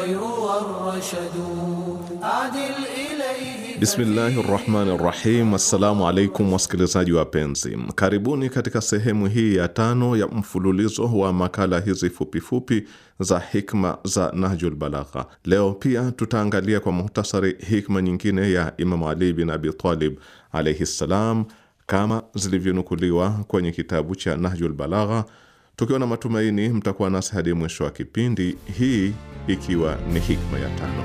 الخير والرشد Bismillahi rahmani rahim. Assalamu alaikum wasikilizaji wapenzi, karibuni katika sehemu hii ya tano ya mfululizo wa makala hizi fupifupi za hikma za Nahjul Balagha. Leo pia tutaangalia kwa muhtasari hikma nyingine ya Imamu Ali bin Abi Talib alaihi ssalam, kama zilivyonukuliwa kwenye kitabu cha Nahjul Balagha Tukiwa na matumaini mtakuwa nasi hadi mwisho wa kipindi, hii ikiwa ni hikma ya tano.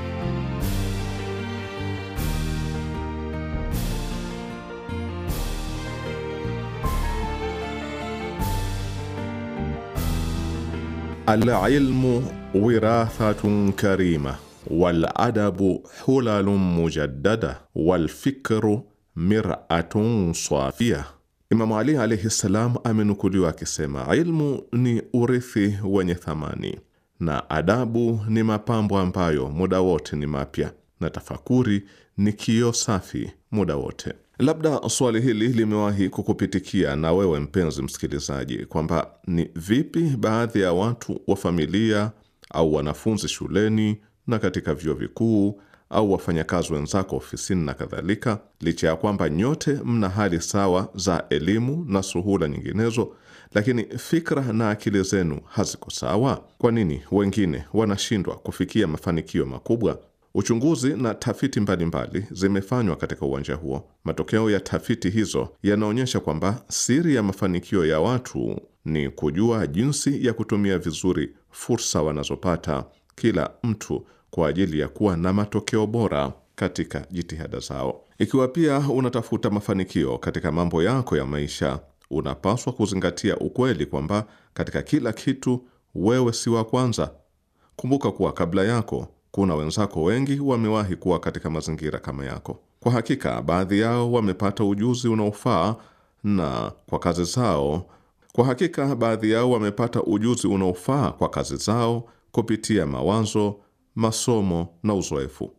Alilmu wirathatun karima waladabu hulalun mujaddada walfikru miratun safia Imamu Ali alaihi ssalam amenukuliwa akisema, ilmu ni urithi wenye thamani na adabu ni mapambo ambayo muda wote ni mapya na tafakuri ni kio safi muda wote. Labda swali hili limewahi kukupitikia na wewe mpenzi msikilizaji, kwamba ni vipi baadhi ya watu wa familia au wanafunzi shuleni na katika vyuo vikuu au wafanyakazi wenzako ofisini na kadhalika, licha ya kwamba nyote mna hali sawa za elimu na suhula nyinginezo, lakini fikra na akili zenu haziko sawa. Kwa nini wengine wanashindwa kufikia mafanikio makubwa? Uchunguzi na tafiti mbalimbali zimefanywa katika uwanja huo. Matokeo ya tafiti hizo yanaonyesha kwamba siri ya mafanikio ya watu ni kujua jinsi ya kutumia vizuri fursa wanazopata kila mtu kwa ajili ya kuwa na matokeo bora katika jitihada zao. Ikiwa pia unatafuta mafanikio katika mambo yako ya maisha, unapaswa kuzingatia ukweli kwamba katika kila kitu wewe si wa kwanza. Kumbuka kuwa kabla yako kuna wenzako wengi wamewahi kuwa katika mazingira kama yako. Kwa hakika, baadhi yao wamepata ujuzi unaofaa na kwa kazi zao. Kwa hakika, baadhi yao wamepata ujuzi unaofaa kwa kazi zao kupitia mawazo masomo na uzoefu.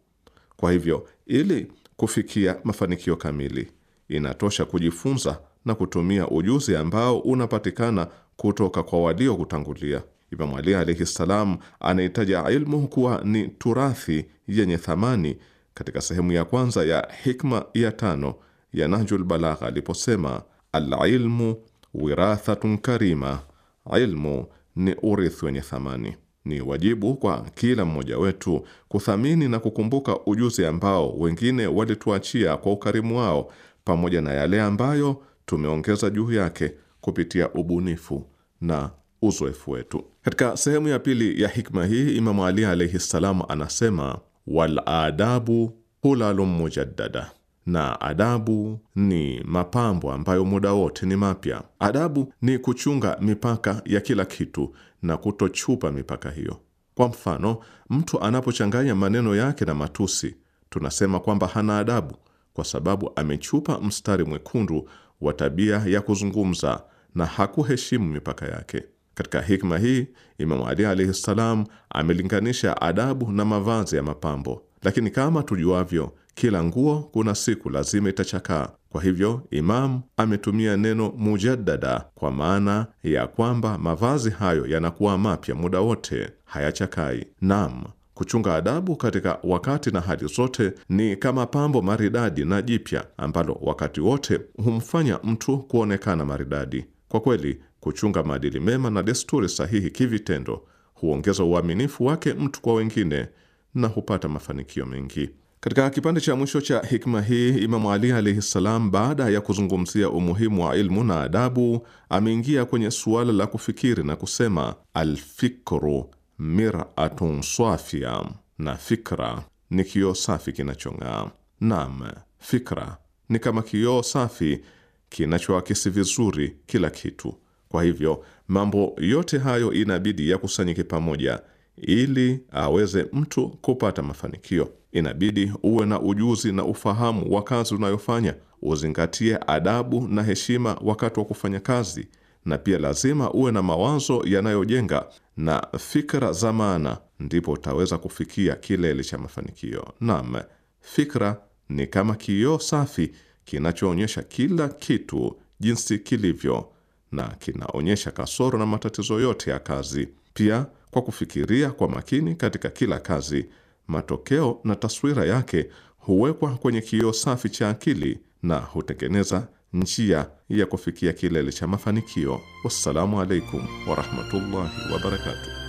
Kwa hivyo, ili kufikia mafanikio kamili, inatosha kujifunza na kutumia ujuzi ambao unapatikana kutoka kwa waliokutangulia. Imam Ali alaihi ssalam anahitaja ilmu kuwa ni turathi yenye thamani katika sehemu ya kwanza ya hikma ya tano ya Nahjul Balagha aliposema: alilmu wirathatun karima, ilmu ni urithi wenye thamani ni wajibu kwa kila mmoja wetu kuthamini na kukumbuka ujuzi ambao wengine walituachia kwa ukarimu wao, pamoja na yale ambayo tumeongeza juu yake kupitia ubunifu na uzoefu wetu. Katika sehemu ya pili ya hikma hii, Imamu Ali alaihi ssalam anasema, wal adabu hulalum mujaddada na adabu ni mapambo ambayo muda wote ni mapya. Adabu ni kuchunga mipaka ya kila kitu na kutochupa mipaka hiyo. Kwa mfano, mtu anapochanganya maneno yake na matusi, tunasema kwamba hana adabu, kwa sababu amechupa mstari mwekundu wa tabia ya kuzungumza na hakuheshimu mipaka yake. Katika hikma hii, Imamu Ali alaihi ssalam amelinganisha adabu na mavazi ya mapambo, lakini kama tujuavyo kila nguo kuna siku lazima itachakaa. Kwa hivyo, Imam ametumia neno mujaddada kwa maana ya kwamba mavazi hayo yanakuwa mapya muda wote, hayachakai. Naam, kuchunga adabu katika wakati na hali zote ni kama pambo maridadi na jipya ambalo wakati wote humfanya mtu kuonekana maridadi. Kwa kweli, kuchunga maadili mema na desturi sahihi kivitendo huongeza uaminifu wake mtu kwa wengine na hupata mafanikio mengi. Katika kipande cha mwisho cha hikma hii, Imamu Ali alaihi ssalam, baada ya kuzungumzia umuhimu wa ilmu na adabu, ameingia kwenye suala la kufikiri na kusema, alfikru miratun swafia, na fikra ni kioo safi kinachong'aa. Naam, fikra ni kama kioo safi kinachoakisi vizuri kila kitu. Kwa hivyo mambo yote hayo inabidi yakusanyike pamoja ili aweze mtu kupata mafanikio, inabidi uwe na ujuzi na ufahamu wa kazi unayofanya, uzingatie adabu na heshima wakati wa kufanya kazi, na pia lazima uwe na mawazo yanayojenga na fikra za maana, ndipo utaweza kufikia kilele cha mafanikio. Naam, fikra ni kama kioo safi kinachoonyesha kila kitu jinsi kilivyo na kinaonyesha kasoro na matatizo yote ya kazi. Pia kwa kufikiria kwa makini katika kila kazi, matokeo na taswira yake huwekwa kwenye kioo safi cha akili na hutengeneza njia ya kufikia kilele cha mafanikio. Wassalamu alaikum warahmatullahi wabarakatuh.